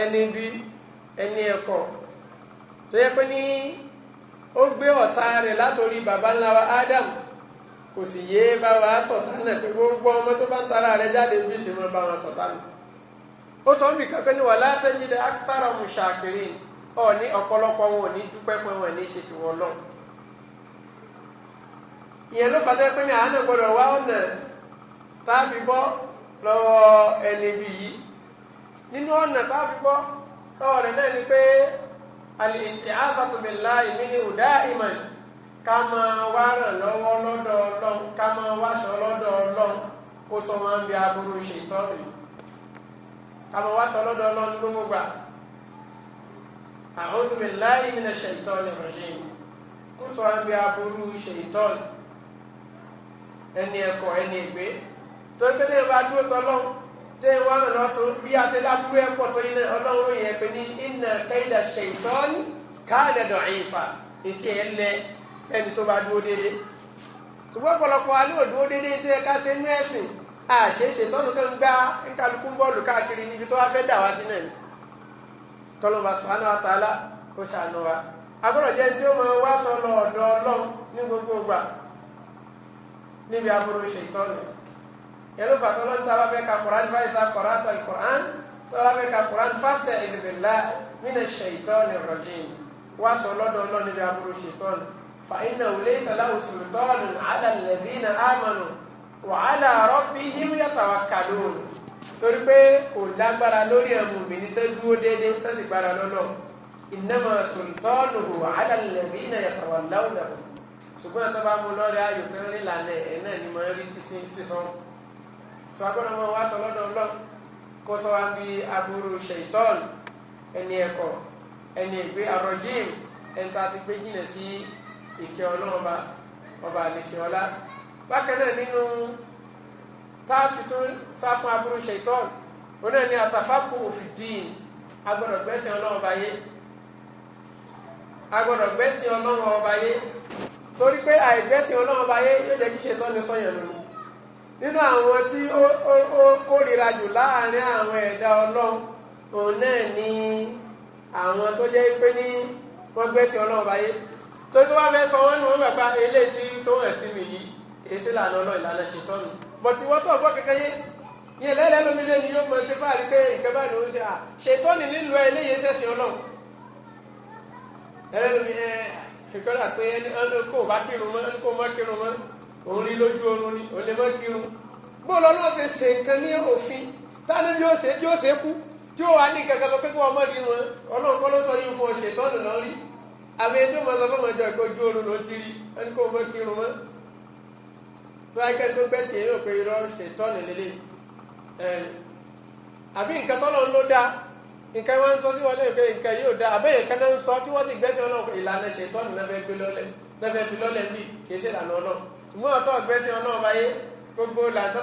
ẹni bí ẹni ẹ̀kọ́ tó yẹ pé ní ó gbé ọ̀tá rẹ̀ látòrí baba ńlá wa Ádámù kò sì yé bá wa sọ̀tánlẹ̀ pé gbogbo ọmọ tó bá ń tara rẹ̀ jáde bí ṣe máa bá wọn sọ̀tánlẹ̀ ó sọ mí kankan ní wà akitara ọ̀ ní ọ̀pọ̀lọpọ̀ wọn ò ní dúpẹ́ fún wọn ní ṣe tiwọn lọ ìyẹn ló fàtẹ́ pé ní a fi bọ́ lọ́wọ́ ẹni bí yìí nínú ọ̀nà tá a fi bọ́ náà ni pé ká máa wá ràn lọ́wọ́ lọ́dọ̀ ọlọ́run ká máa wáṣọ lọ́dọ̀ ọlọ́run kó sọ wọn bí aburú ṣètọ́nù ká máa wáṣọ lọ́dọ̀ ọlọ́run ló mú gbà a'udhu billahi minash shaitani rajim kó sọ wọn bí aburú ṣètọ́nù ẹni ẹ̀kọ́ ẹni ìgbé torí pé lè bá dúró tọ́lọ́ tẹ́ ẹ wá ràn lọ́tọ́ bí a ṣe lábúrú ẹ̀pọ̀ tó yín ọlọ́run yẹn pé ní inna kaida shaytan kana da'ifa ètí ẹ̀ lẹ́ ẹni tó bá dúró déédéé ṣùgbọ́n ọ̀pọ̀lọpọ̀ alẹ́ ò dúró déédéé tó yẹ ká ṣe inú ẹ̀sìn àṣeéṣe tọ́nu tó ń gbá nkálukú bọ́ọ̀lù káàkiri níbi tó wá fẹ́ dà wá sí náà ni tọ́lọ́mà sùhánà àtàlà kó ṣàánú wa agbọ́dọ̀ jẹ́ tí ó máa wá sọ́lọ ọ̀dọ̀ ọlọ́run ní gbogbo ìgbà níbi aburú ṣètọ́nù yẹlò fàtọ́lọ́ ní tàbá fẹ́ ka koran báyìí ta ìkọ̀rán tọ́lá fẹ́ ka koran fásitẹ̀ ìdìbìlá mí فإنه ليس له سلطان على الذين آمنوا وعلى ربهم يتوكلون torí pé kò lágbára lórí ẹmu mi ní tó dúró déédéé tó sì gbára lọ́lọ́ innama sultanuhu ala alladhina yatawallawnahu ṣùgbọ́n àti bá mú lọ́rẹ́ ayò tó ń rí lànà ẹ̀ náà ni mo rí tísán sọ agbọ́dọ̀ mọ́ wá sọ lọ́dọ̀ ọlọ́ kó sọ wá bí aburú ṣèitọ́ọ̀lù ẹni ẹ̀kọ́ ẹni ìgbé àrọ̀jìn ẹni tá a ti gbé jìnà sí ìkẹ́ ọla ọba àlekè ọlá bákan náà nínú táàfì tó sáfún aburú ṣètọ́n onáà ní àtàfàkù òfin agbọ́dọ̀ gbẹ́sìn ọlọ́run yé agbọ́dọ̀ gbẹ́sìn ọba yé torí pé àìgbẹ́sìn yé yóò jẹ́ kí ṣètọ́n lè lónìí nínú àwọn tí ó kórira jù láàrin àwọn ẹ̀dá òun ni àwọn tó jẹ́ pé ní wọ́n báyé tó tó bá fẹ́ sọ wọ́n nù wọ́n gbàgbá eléyìí tó hàn sí mi yìí èsì lànà ọlọ́ ìlànà ṣètọ́nù bọ̀tí wọ́n tó ọgbọ́n kankan yé yẹn lẹ́lẹ́ lómi lé ni yóò mọ ṣe fáàrí pé nǹkan bá lòún ṣe à ṣètọ́nù nílò eléyìí ṣẹ̀ṣẹ̀ ọlọ́run ẹlẹ́ lómi ẹ kíkọ́lá pé ẹni kò bá kírun mọ́ ẹni kò mọ́ kírun mọ́ òun rí lójú oorun ni òun lè mọ́ kírun bóòlù ọlọ́run ṣe ṣe nǹkan ní òfin táni bí ó ṣe tí ó ṣe kú tí ó wà ní kankan lọ pé kó ọmọ rí wọn ọlọ́run kọ́ ló sọ yín fún ọ ṣètọ́nù lọ́rí àwọn ètò mọ̀ lọ́mọ ọjọ́ ìkó ojú oorun ló ti rí wọn ni kó o mọ kírun mọ́ tó wáyé kẹ́ni tó gbẹ́sì yẹn yóò pé irọ́ ṣètọ́nù lélẹ̀ àbí nǹkan tọ́lọ́ ló dá nǹkan wọn ń sọ sí wọlé pé nǹkan yóò dá àbẹ́yẹ kan náà ń sọ tí wọ́n ti gbẹ́sì ọlọ́run ìlànà ṣètọ́nù náà fẹ́ fi lọ́lẹ̀ bí kì í ṣèlànà ọlọ́run ìmọ̀ ọ̀tọ̀ gbẹ́sì ọlọ́run báyé gbogbo làǹtọ́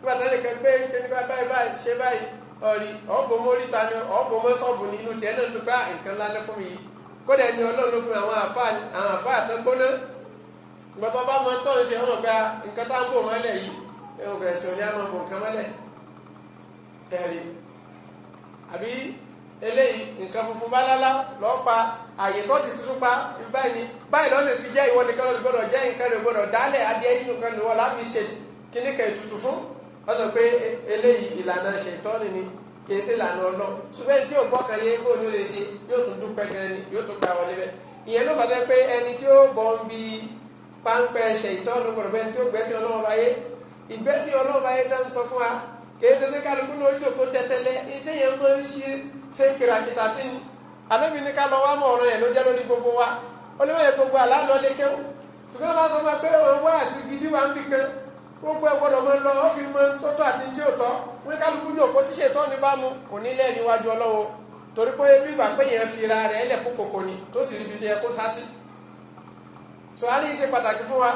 nígbà tẹ́lẹ̀ kan gbé kíní báyìí báyìí ṣe báyìí ọ̀rí ọ̀bùn mórìta ni ọ̀bùn mọ́sọ̀bù ni inú tiẹ̀ náà ló bá ah, nǹkan lálẹ́ fún mi yìí kódà ẹni ọlọ́run ló fún àwọn àfáà àwọn àfáà tó gbóná gbọ́tọ̀ bá mọ tó ń ṣe wọn gba nǹkan tá ń bò mọ́lẹ̀ yìí ẹ̀rọ bẹ̀rẹ̀ sọ ní àwọn ọmọ nǹkan mọ́lẹ̀ ẹ̀rí àbí eléyìí nǹkan funfun bálálá lọ́ọ́ pa àyè tó sì tuntun pa báyìí ni báyìí lọ́ọ́ lè fi jẹ́ ìwọ nìkan lọ́ọ́ gbọ́dọ̀ jẹ́ nǹkan rẹ̀ gbọ́dọ̀ dálẹ̀ adìẹ nínú kan nìwọ láfi ṣe kíníkà ètùtù fún wọ́n sọ pé eléyìí ìlànà ṣètọ́ni ni kì í sí ìlànà ọlọ́ ṣùgbọ́n tí yóò gbọ́kàn yé kó ní o lè ṣe yóò tún dúpẹ́ gan ni yóò tún gba wọlé bẹ́ẹ̀ ìyẹn ló fàtẹ́ pé ẹni tí ó bọ̀ ń bi páńpẹ́ ṣètọ́nu gbọ̀dọ̀ bẹ́ẹ̀ tí ó gbẹ́sìn ọlọ́run báyé ìgbẹ́sìn ọlọ́run báyé tá ń sọ fún wa kì í ṣe pé kálukú ló jòkó tẹ́tẹ́lẹ́ ìtẹ́yẹn máa ń ṣe ṣe ń pèrè àkìtà sí ni àlẹ́bí ni ká lọ wá mọ̀ ọ̀rọ̀ yẹn ló jẹ́ lórí gbogbo wa ó lè má yẹ gbogbo àlá gbogbo ẹgbọ́dọ̀ máa ń lọ ọ́fì máa ń tọ́tọ́ àti tí ò tọ́ wọn kálukú ní òkú tíṣe tọ́ ní bámu kò ní lẹ́ẹ̀ níwájú ọlọ́wọ́ torí pé bí ìgbà pé yẹn fi ra rẹ̀ ẹlẹ̀ fún kòkò ni tó sì ríbi tó yẹ kó sá sí. sọ á ní í ṣe pàtàkì fún wa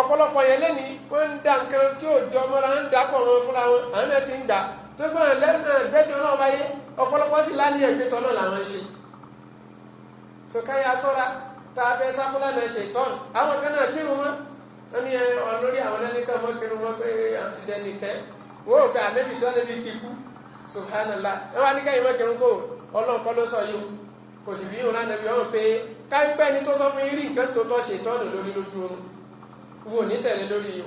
ọ̀pọ̀lọpọ̀ yẹn lẹ́ni wọ́n ń da nǹkan tí ò jọ mọ́ra ń da pọ̀ wọn fúnra wọn àwọn náà sì ń da tó gbọ́n lẹ́sìn tá a fẹ́ sáfúlà náà ṣètọ́n àwọn kan náà kírun mọ́ wọ́n ní olórí àwọn ẹnìkan wọ́n kiri wọ́n pé àǹtí dẹ́ni kẹ́ wọ́n ò pé àlẹ́bí tí wọ́n lè fi kíkú subhanallah ẹ wá ní káyìí wọ́n kiri kó ọlọ́run kọ́ ló sọ yìí kò sì fi yìí rán ẹbí wọn pé káyipẹ́ ni tó sọ fún yín rí nǹkan tó tọ́ ṣe tọ́nù lórí lójú oorun wo ní tẹ̀lé lórí yìí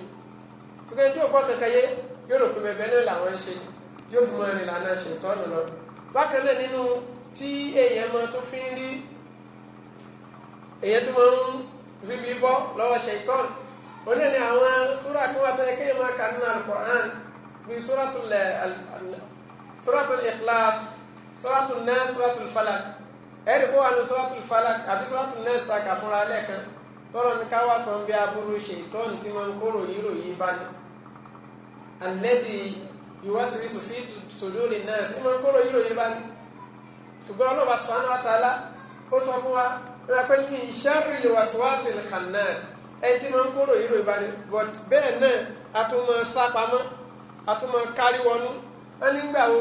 tukẹ́ tí òpó kankan yé yóò rò pé bẹ́ẹ̀ náà làwọn ń ṣe yóò fi mọ ìlànà ṣe tọ́nù lọ bákan náà nínú tí èèyàn mọ tó fi ń rí èèyàn tó máa ń rí mi oní ni àwọn súrà kí wọ́n tẹ́ kéèyàn máa kà nínú alukur'an bíi súràtul ikhlas súràtul nas súràtul falak ẹ̀rí kó wà ní súràtul falak àbí súràtul nas ta kà fúnra lẹ́ẹ̀kan tọ́lọ ní káwá sọ bí aburú ṣe ìtọ́ni tí wọ́n ń kó ròyìn ròyìn bá ní. alẹ́dì yuwaswisu fi suduri nas tí wọ́n ń kó ròyìn ròyìn bá ní. ṣùgbọ́n subhanahu wa ta'ala ó sọ fún wa rẹ̀ pé ní sharri waswasil khannas ẹni tí máa ń kóró ìró ìbàdàn but bẹ́ẹ̀ náà a tún máa sá pamọ́ a tún máa kárí wọnú wọn nígbà wo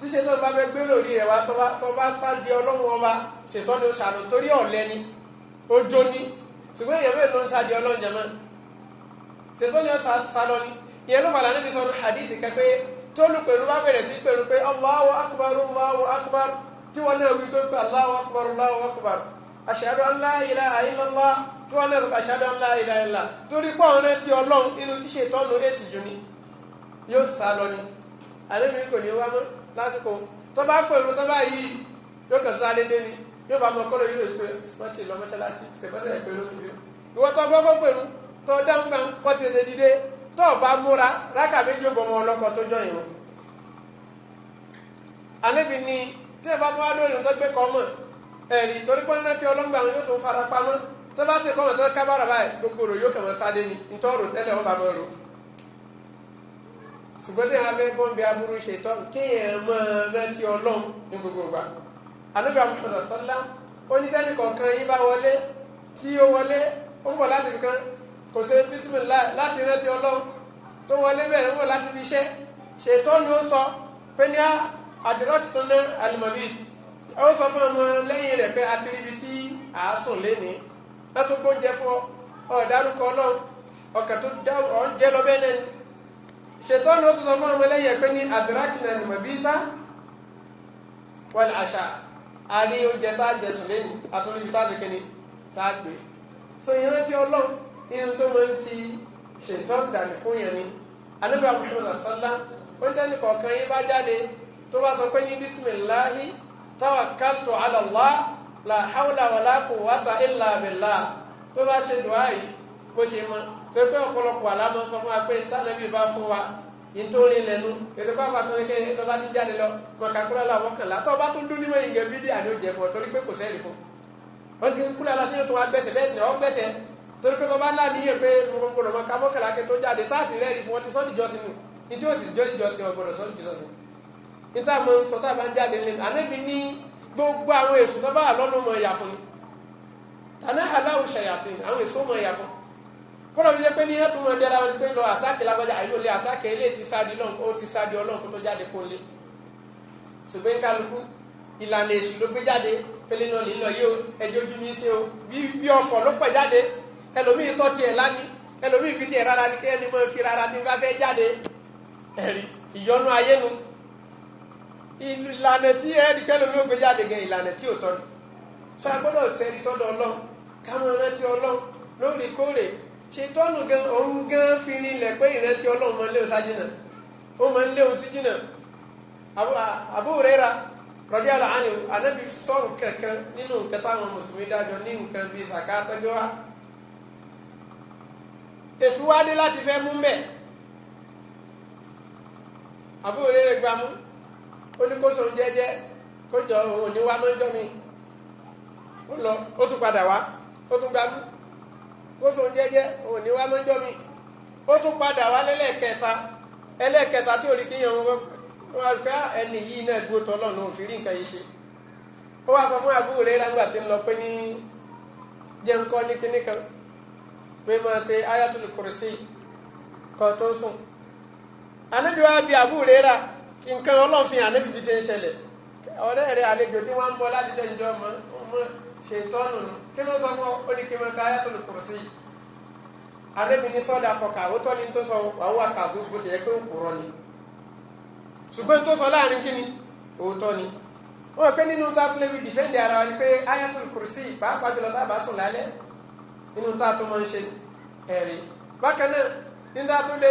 tí ṣetán bá fẹ́ gbé lórí rẹ̀ wá tó bá sáde ọlọ́run ọba ṣetán ni ó ṣàlù torí ọ̀lẹ ni ojó ni ṣùgbọ́n èèyàn mẹ́rin ló ń sáde ọlọ́run jẹ mọ́ ṣetán ni ó sálọ ni ìyẹn ló padà níbi sọnù hadith kẹ́kẹ́ tó lù pẹ̀lú bá bẹ̀rẹ̀ sí pẹ̀lú pé Allahu akbar Allahu akbar tí wọ́n náà wí tó pé Allahu akbar Allahu akbar ashhadu an la ilaha kí wọ́n náà sọ àṣàdọ̀ ńlá ìlà ìlà torí pé àwọn rántí ọlọ́run inú ṣíṣe ìtọ́nu ètì jù ni yóò sá lọ ni àlẹ́mi kò ní wá mọ́ lásìkò tó bá pè mú tó bá yí yóò kàn sáré dé ni yóò bá mọ kọ́lọ̀ yìí lè pe mọ́tì lọ mọ́ṣáláṣí ṣèpọ́sẹ̀ ìpè lórí mi ìwọ tó gbọ́ pè mú tó dáhùn gbà ti lè dìde tó o bá múra rákà méjì ó bọ́mọ ọlọ́kọ tó jọ ìwọ̀n àlẹ́mi ni tí ẹ bá tó wá lórí tó gbé kọ́ mọ̀ ẹ̀rì torí pé ń yóò tó fara pamọ́ tó bá ṣe kọ́mọ̀ tó ká bára báyìí gbogbo rò yóò kẹ̀mọ́ sáde ni ntọ́rò tẹ́lẹ̀ ọba mọ́ ro ṣùgbọ́n tí wọn fẹ́ gbọ́n bí aburú ṣe tọ́ kéèyàn mọ́ rántí ọlọ́run ní gbogbo ìgbà ànábì àbúkọ̀tà sọ́lá onídẹ́ni kọ̀ọ̀kan yín bá wọlé tí ó wọlé ó ń bọ̀ láti nìkan kò ṣe bísímìlá láti rántí ọlọ́run tó wọlé bẹ́ẹ̀ ń bọ̀ láti fi ṣe ṣètọ́nu ó sọ pé ní àdìrọ́tì tó ná alimọ̀bíìtì ó sọ fún ọmọ lẹ́yìn rẹ̀ pé a ti ríbi tí àásùn lénìí látó gbóúnjẹ fún ọ ọ̀dárúkọ ọlọ́run ọkàn tó dá ọ̀njẹ́ lọ bẹ́ẹ̀ lẹ́nu ṣètọ́nù ó tún sọ fún ọmọ ẹlẹ́yìn pé ní àdìrákìnà ni mọ̀bí tá wọ́n àṣà àrí oúnjẹ tá a jẹ sùn lẹ́nu àtúndì tá a fi tá a gbé so ìrántí ọlọ́run nínú tó máa ń ti ṣètọ́ dànù fún yẹn ni anábẹ́ àbúrò sọ́lá ó tẹ́lẹ̀ kọ̀ọ̀kan yín bá jáde tó bá sọ pé ní bísímìláhi la hawla wala quwwata illa billah tó bá ṣe dùá yìí bó ṣe mọ tó pé ọ̀pọ̀lọpọ̀ àlámọ́ sọ fún wa pé tánàbí bá fún wa nítorí lẹ́nu ètò pápá tó ń ké lọ́ba ti jáde lọ mọ̀kàkúrọ̀ làwọn kan látọ̀ bá tún dún nímọ̀ ìgbẹ́ bídíà ni ó jẹ fún ọ torí pé kò sẹ́ẹ̀lì fún o ti kúlẹ̀ aláṣẹ tó wá gbẹ̀sẹ̀ bẹ́ẹ̀ ni ọ́ gbẹ̀sẹ̀ torí pé kọ́ba náà níyẹn pé gbogbo ọmọ kámọ́kàlá ké tó jáde táàsì rẹ̀ rí fún wọn ti sọ́ọ́dì jọ́sìn nù ní tí ó sì jọ́sìn jọ́sìn ọgbọ̀dọ̀ sọ́ọ́dì jọ́sìn ní táwọn sọ táwọn jáde lẹ́nu àná gbogbo àwọn èso tó bá wà lọ́nà ọmọ ẹ̀yà fún mi tànà aláwò ṣàyàtọ̀ àwọn èso ọmọ ẹ̀yà fún kọ́nà mi jẹ́ pé ní ẹ̀ tó mọ̀ ẹ́ ti pé lọ àtàkì lágbájá lé àtàkì ilé ti sáà di lọ́nkọ́ ó ti sáà di ọlọ́run kó tó jáde kó lé ṣùgbọ́n kálukú ìlànà o ẹjọ́ ojú mi ṣe o bí ló pẹ̀ jáde ẹlòmíì tọ́ tiẹ̀ lání ẹlòmíì fi tiẹ̀ rárá ni fi rárá ni bá fẹ́ ìlànà tí ẹnikẹ́ni ló gbé jáde gan ìlànà tí ò sọ káwọn lóòrèkóòrè ṣe tọ́nù gan òun gan fi pé ìrántí ọlọ́run máa ń léwu sájìnà ó máa ń léwu sí jìnà Abu rọ́bí anábì sọ̀rọ̀ kankan nínú nǹkan táwọn mùsùlùmí ní nǹkan bíi wa láti fẹ́ ó ní kó sóun jẹ́jẹ́ kó jọ òun ní wá mọ́jọ́ mi ó lọ ó tún padà wá ó tún gbámú kó sóun jẹ́jẹ́ òun ní wá mọ́jọ́ mi ó tún padà wá lẹ́lẹ́kẹta ẹlẹ́kẹta tí ò rí kíyàn wọn wá pé ah, ẹni yìí náà dúró tọ́lọ́ náà fi rí nǹkan yìí ṣe ó wá sọ fún àbúrò rẹ lágbà tí ń lọ pé ní jẹ́ńkọ́ ní kíní kan pé máa ṣe ayatul kursi kan tó ń sùn anábìwá bí àbúrò rẹ rà nǹkan ọlọ́fin ànábì bí ti ń ṣẹlẹ̀ ọ̀rẹ́ rẹ̀ àlejò tí wọ́n ń bọ́ láti jẹ́jọ́ ọmọ ọmọ ṣètọ́nù kí ló sọ fún ọ ní kí wọ́n ka ayatul kursi ànábì ní sọ́dà kọkà ó tọ́ ni tó sọ àwọn àkàzó bó ti yẹ pé ń kúrọ́ ni ṣùgbọ́n tó sọ láàrin kí ni òótọ́ ni wọ́n pẹ́ nínú tá a tún lè fi dìfẹ́ǹdì ara wa ni pé ayatul kursi pàápàá jùlọ tá a bá sùn lálẹ́ nínú tá a tún máa ń ṣe ẹ̀rí bákan náà nínú tá a tún lè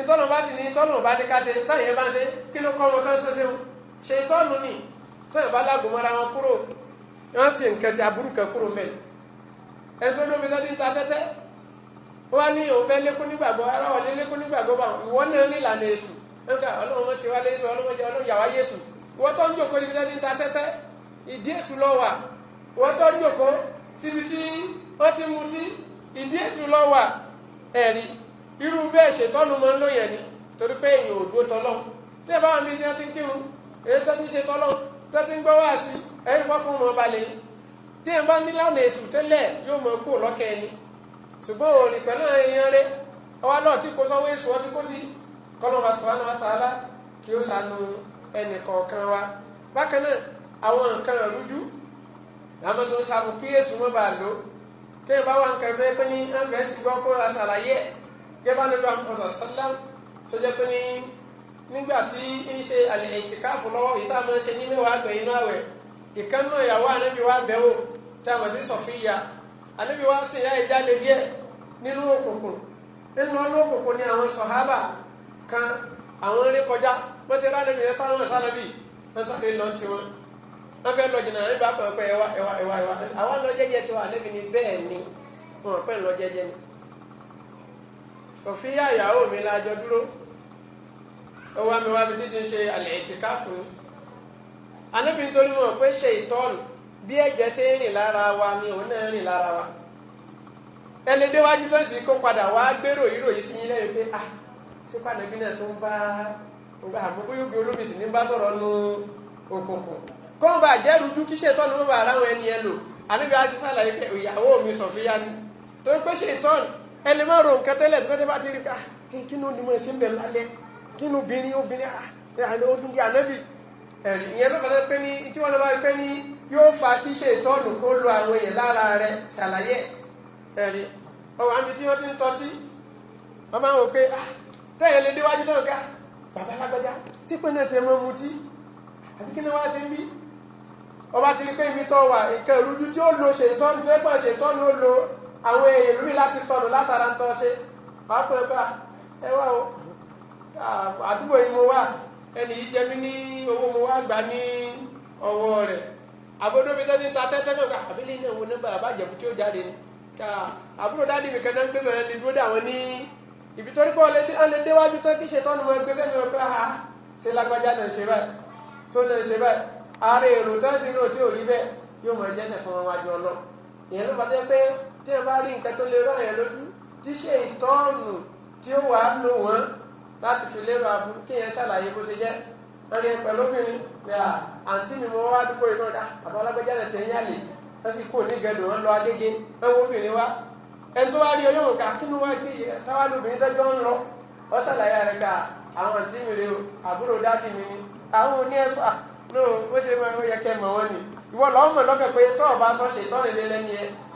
ìtọ́nù bá sì ní ìtọ́nù bá ní ká ṣe táyì ẹ bá ń ṣe kí ló kọ́ wọn kán ṣe ṣe o ṣe ìtọ́nù ni táyì bá lágùn mọ́ra wọn kúrò wọ́n sì ń kẹtì aburú kan kúrò mẹ́ ẹ̀sùn lómi tó ti ń ta tẹ́tẹ́ wọ́n ní òun fẹ́ lékún nígbàgbọ́ ara wọn lé lékún nígbàgbọ́ bá ìwọ náà nílànà èṣù nǹkan ọlọ́run mọ̀ ṣe wá léṣu ọlọ́run jẹ́ ọlọ́run yàwá yéṣu wọ́n tó ń jòkó níbi tó ti ń ta tẹ́tẹ́ ìdí èṣù lọ wà wọ́n tó ń jòkó síbi tí wọ́n irú bẹ́ẹ̀ ṣètọ́nu máa ń lò yẹn ni torí pé èèyàn ò dúró tọ́lọ́ tẹ́ bá wọn bí tí wọ́n ti ń kírun èyí tó ti ń ṣe tọ́lọ́ tó ti ń gbọ́ wá sí ẹ̀rí pọ́kùn mọ́ balẹ̀ yìí tí ẹ̀ bá ní lánà èsù tẹ́lẹ̀ yóò mọ kó lọ́kẹ́ ẹni ṣùgbọ́n òrìn pẹ̀lú èèyàn rẹ ọwọ́ náà tí kò sanwó èsù ọtí kó sí kọ́lọ́mà subhanahu wa ta'ala kí ó sànù ẹnì kọ̀ọ̀kan wa bákan náà àwọn nǹkan rújú gẹ́gẹ́ níbi àmọ́sà sálám tó jẹ́ pé ní nígbà tí ń ṣe àlè ìtìkáàfù lọ́wọ́ yìí tá a máa ń ṣe ní mẹ́wàá gbẹ̀yìn náà wẹ̀ ìkan náà ìyàwó ànábi wa bẹ̀wò tá a mọ̀ sí sọ̀fíyà ànábi wa sì yá ìjáde díẹ̀ nínú òkùnkùn nínú ọdún òkùnkùn ni àwọn sọ̀hábà kan àwọn eré kọjá wọ́n ṣe ráàlẹ́ nìyẹn sáwọn sálábì wọ́n sáré lọ ti wọn wọ́n fẹ́ lọ jìnnà ànábi wa pẹ̀lú ẹwà ẹwà ẹwà àwọn lọ jẹ́jẹ́ tiwa ànábi ni bẹ́ẹ̀ ni wọ́n pẹ́ lọ jẹ́jẹ́ ni Sọfíyà ìyàwó mi lájọ dúró ó wá mi wá mi títí ń ṣe àlẹ́ ìtìká fún un anábì nítorí mọ̀ pé ṣe ìtọ́nù bí ẹ̀jẹ̀ ṣe ń rìn lára wa ni òun náà ń rìn lára wa ẹni déwájú tó sì kó padà wá gbèrò ìrò yìí sí yín lẹ́yìn pé ah ṣé pàdébí náà tó ń bá àbúkú yóò gbé olómi sì ní bá sọ̀rọ̀ nu òkùnkùn kó ń bà jẹ́ rújú kí ṣe ìtọ́nù mọ̀ bá aráwọn ẹni ẹ lò anábì wá ti sàlàyé pé ìyàwó mi Sọfíyà ni torí pé ṣe ìtọ́nù ẹni máa ro nǹkan tẹ́lẹ̀ tó bá ti rí ká ah, kínú ni mo ṣe ń bẹ̀ lálẹ́ kínú obìnrin obìnrin ah, ó dúdú ànábì ẹ̀rí ìyẹn ló fẹ́ẹ́ pé ní tí wọ́n lọ bá rí pé ní yóò fa kíṣe ìtọ́nù kó lo àwọn èèyàn lára rẹ ṣàlàyé ẹ̀rí ọwọ́ àmì tí wọ́n ti ń tọ́tí wọ́n máa ń wò pé ah, tẹ́yẹ̀ lè déwájú tó ń ga bàbá alágbájá tí pé náà ti mọ́ mu tí àbí kí ni wọ́n á ṣe ń bí ọba ti rí pé ibi tó wà nǹkan tí ó lo ṣètọ́nù tó ẹgbẹ́ àwọn èèyàn lómi láti sọnù látara ń tọ́ ṣe wàá pè é ẹ wá o àdúgbò yìí mo wà ẹnì yìí jẹ mí ní owó mo wá gbà ní ọwọ́ rẹ̀ àbódó mi tẹ́tí ta tẹ́tẹ́ náà àbílẹ̀ iná wo nígbà àbájẹ̀bù tí ó jáde ni ká àbúrò dáàdì mi kan náà ń gbé mẹ́rin ní dúró dà wọ́n ní ibi tó ní pọ́ ọ̀lẹ́ déwájú tó kí ṣe tọ́nu mọ́ ẹgbẹ́ sẹ́mi ọ̀pẹ́ ha ṣe lágbájá náà ṣe bẹ́ẹ̀ tó náà ṣe bẹ́ẹ̀ ààrẹ èrò tẹ́sí náà tí ò rí bẹ́ẹ̀ yóò mọ̀ ẹjẹ́ sẹ̀ wájú ọlọ́ ìyẹn ló fà tẹ́ ẹ bá rí nǹkan tó lè rọ̀ yẹn lójú tí ṣe ìtọ́ọ̀nù tí ó wàá lò wọ́n láti fi lérò aburú kí yẹn ṣàlàyé bó ṣe jẹ́ lórí pẹ̀lú obìnrin pé à àǹtí mi mo wá dúpọ̀ iná dá àbá alágbèjà rẹ̀ tẹ̀ ń yàlè wọ́n sì kó ní gẹ̀dọ̀ wọn lọ agége ẹ̀wọ̀n obìnrin wa ẹni tó wá rí ọyọ́wò ká kí ni wá kí táwa lóbìnrin dọ́jọ́ ń lọ wọ́n ṣàlàyé rẹ̀ ká àwọn àǹtí mi rè o àbúrò dáàbì mi ni àwọn oní ẹ̀sọ́ à lóò bó ṣe máa ń yẹ kẹ́ mọ̀ wọ́n ni ìwọ lọ́ọ́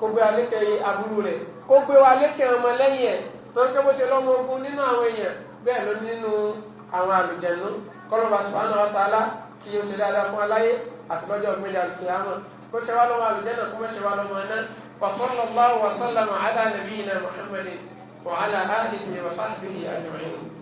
kó gbé wa lékè aburú rẹ̀ kó gbé wa lékè ọmọ lẹ́yìn ẹ̀ torí pé bó ṣe lọ́mọ ogun nínú àwọn èèyàn bẹ́ẹ̀ ló nínú àwọn àlùjẹ̀nu kọ́lọ́ba subhanahu wa ta'ala kí o ṣe dáadáa fún aláyé àtìlọ́jọ́ ògbéjà kìámọ̀ kó ṣe wá lọ́mọ àlùjẹ̀nu kó mọ̀ ṣe wá lọ́mọ iná wa sallallahu wa sallama ala nabiyyina muhammadin wa ala alihi wa sahbihi ajma'in.